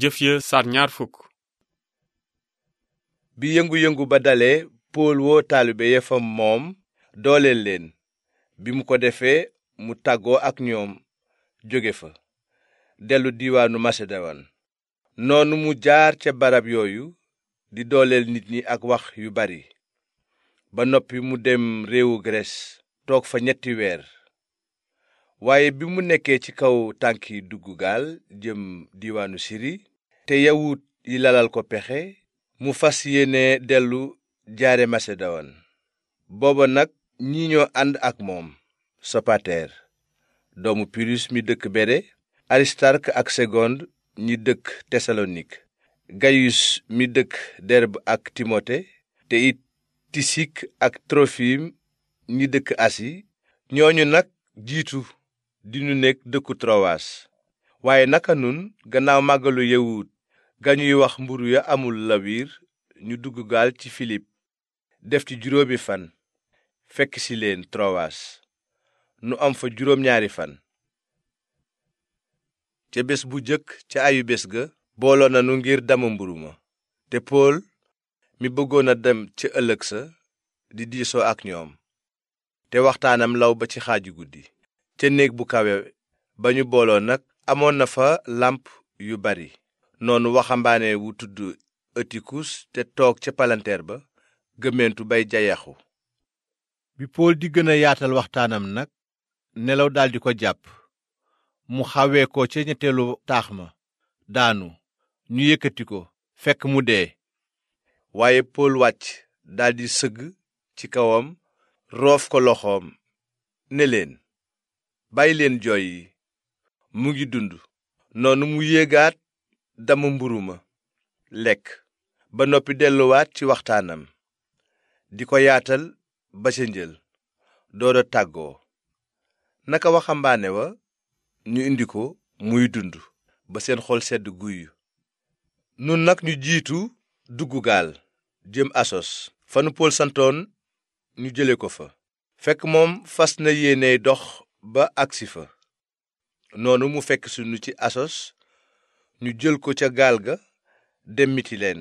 jëf ya sar bi yëngu-yëngu ba dale pool woo taalibe ya fa moom dooleel leen bi mu ko defee mu tàggoo ak ñoom jóge fa dellu diiwaanu masedowan noonu mu jaar ca barab yooyu di dooleel nit ñi ak wax yu bari ba noppi mu dem réewu Grèce toog fa ñetti weer waaye bi mu nekkee ci kaw tànki dugg gaal jëm diwaanu siri te yawut yi lalal ko pexe mu fas yéene dellu jaare masedowan booba nag ñi ñoo ànd ak moom sopater doomu pirus mi dëkk bere aristark ak segond ñi dëkk tesalonik gayus mi dëkk derb ak timote te it tisik ak trofim ñi dëkk asi ñooñu nag jiitu dinu nekk dëkku trowaas waaye naka nun gannaaw màggalu yawut ga ñuy wax mburu ya amul lawiir ñu dugg gaal ci filip def ci juróomi fan fekk si leen trowaas nu am fa juróom ñaari fan ca bés bu jëkk ca ayu bés ga booloo nanu ngir damu mburu ma te pool mi bëggoon a dem ca ëllëg sa di diisoo ak ñoom te waxtaanam law ba ci xaaju guddi ca néeg bu kawe ba ñu booloo nag amoon na fa làmp yu bari noonu waxambaane wu tudd ëtikus te toog ca palanteer ba gëmmentu bay jayaxu bi pool di gën a yaatal waxtaanam nag nelaw daldi ko jàpp mu xawee ko ca ñetteelu taax ma daanu ñu yëkkati ko fekk mu dee waaye pool wàcc daldi sëgg ci kawam roof ko loxoom ne leen bàyyi jooy yi mu ngi dund noonu mu yéegaat damu mburu ma lekk ba noppi delluwaat ci waxtaanam di ko yaatal ba ca njël doora tàggoo naka waxambaane wa ñu indi ko muy dund ba seen xol sedd guy nun nag ñu jiitu dugg gaal jëm asos fanu pool santoon ñu jële ko fa fekk moom fas na yéene dox ba agsi fa noonu mu fekk sunu ci asos ñu jël ko ca gaal ga dem mitileen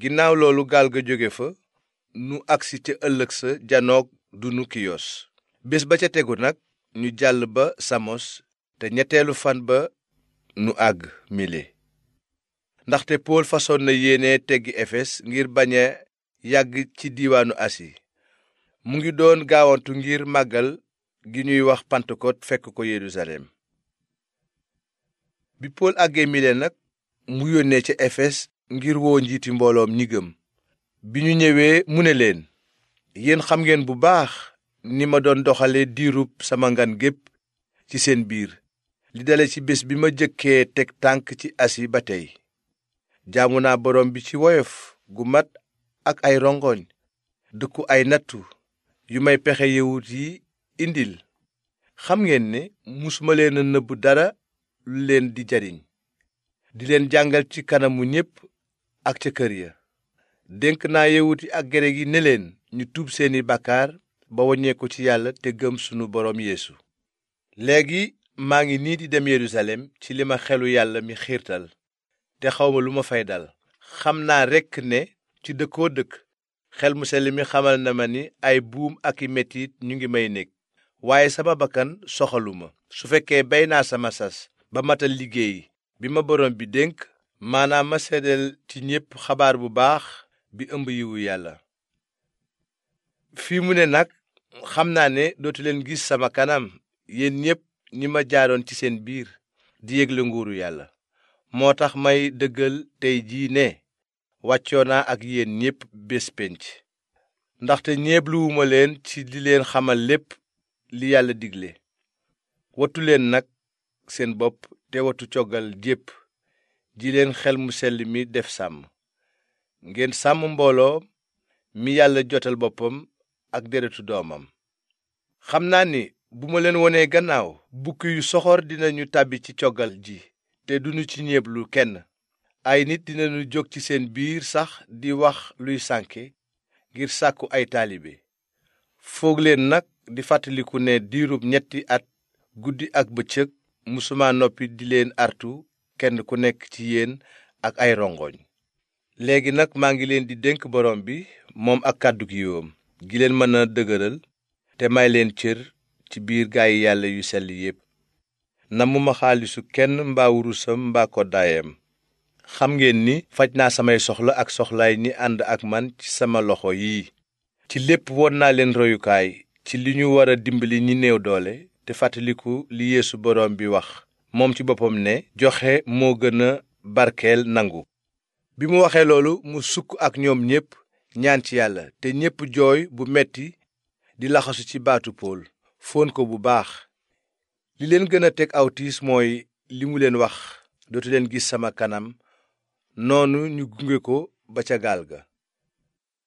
ginnaaw loolu gaal ga jóge fa nu agsi ca ëllëg sa janoog du nukiyos bés ba ca tegu nag ñu jàll ba samos te ñetteelu fan ba nu àgg mile ndaxte pool fasoon na yéene teggi efes ngir bañ a yàgg ci diiwaanu asi mu ngi doon gaawantu ngir màggal gi ñuy wax Pentecôte fekk ko Yerusalem bi Pool àggee Mile nag mu yónnee ca Efes ngir woo njiiti mbooloom ñi bi ñu ñëwee mu ne leen yéen xam ngeen bu baax ni ma doon doxale diirub sama ngan gépp ci seen biir li dale ci bés bi ma jëkkee teg tànk ci asi ba tey jaamu naa boroom bi ci woyof gu mat ak ay rongoñ dëkku ay nattu yu may pexe yawut yi indil xam ngeen ne musuma leen a nëbb dara lu leen di jariñ di leen jàngal ci kanamu ñépp ak ca kër ya dénk naa yewuti ak gereg yi ne leen ñu tuub seeni bàkkaar ba waññeeku ci yàlla te gëm sunu boroom yéesu léegi maa ngi nii di dem yerusalem ci li ma xelu yàlla mi xiirtal te xawma lu ma fay dal xam naa rekk ne ci dëkkoo dëkk xel mu sell mi xamal na ma ni ay buum ak i metit ñu ngi may nekk waaye sama bakkan soxaluma su fekkee bay naa sama sas ba matal liggéey bi ma borom bi dénk maanaam ma seddal ci ñépp xabaar bu baax bi ëmb yiwu yàlla fii mu ne nag xam naa ne dootu leen gis sama kanam yéen ñépp ñi ma jaaroon ci seen biir di yégle nguuru yàlla moo tax may dëggal tey jii ne wàccoo naa ak yéen ñépp bés pénc ndaxte ñeebluwuma leen ci di leen xamal lépp li yàlla digle wattu leen nag seen bopp te wattu coggal jépp ji leen xel mu sell mi def sàmm ngeen sàmm mbooloo mi yàlla jotal boppam ak deretu doomam xam naa ni bu ma leen wonee gannaaw bukki yu soxor dinañu tàbbi ci coggal ji te duñu ci ñeeblu kenn ay nit dinañu jóg ci seen biir sax di wax luy sànke ngir sàkku ay taalibe foog nag di fàttaliku ne diirub ñetti at guddi ak bëccëg musuma noppi di leen artu kenn ku nekk ci yéen ak ay rongoñ léegi nag maa ngi leen di dénk borom bi moom ak kàddu gi yoom gi leen mën a dëgëral te may leen cër ci biir gaayi yàlla yu selli yépp namuma xaalisu kenn mbaa wurusam mbaa koddaayam xam ngeen ni faj naa samay soxla ak soxlaay ni ànd ak man ci sama loxo yii ci lépp won naa leen royukaay ci li ñu war a dimbali ñi néew doole te fàttaliku li yéesu boroom bi wax moom ci boppam ne joxe moo gën a barkeel nangu bi mu waxee loolu mu sukk ak ñoom ñépp ñaan ci yàlla te ñépp jooy bu metti di laxasu ci baatu pool foon ko bu baax li leen gën a teg aw tiis mooy li mu leen wax dootu leen gis sama kanam noonu ñu gunge ko ba ca gaal ga